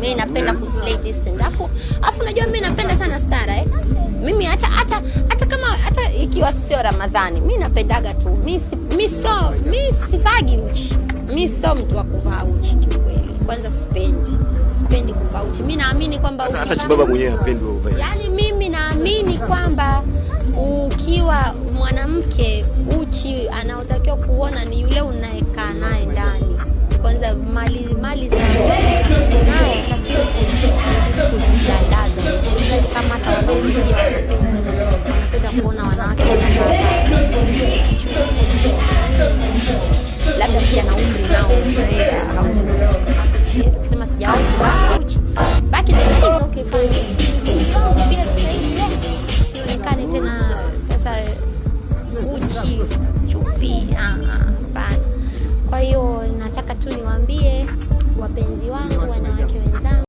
mimi napenda kuslay this and afu afu najua mimi napenda sana stara eh mimi hata hata hata kama hata ikiwa sio ramadhani mi napendaga tu mi, mi so mi sivagi uchi mi so mtu wa kuvaa uchi kiukweli kwanza spendi spendi kuvaa uchi mi naamini kwamba hata, hata chibaba mwenyewe hapendi yani mimi naamini kwamba ukiwa mwanamke uchi anaotakiwa kuona ni yule kuona wanawake labda pia na umri nao Siwezi kusema sijawahi tena sasa uchi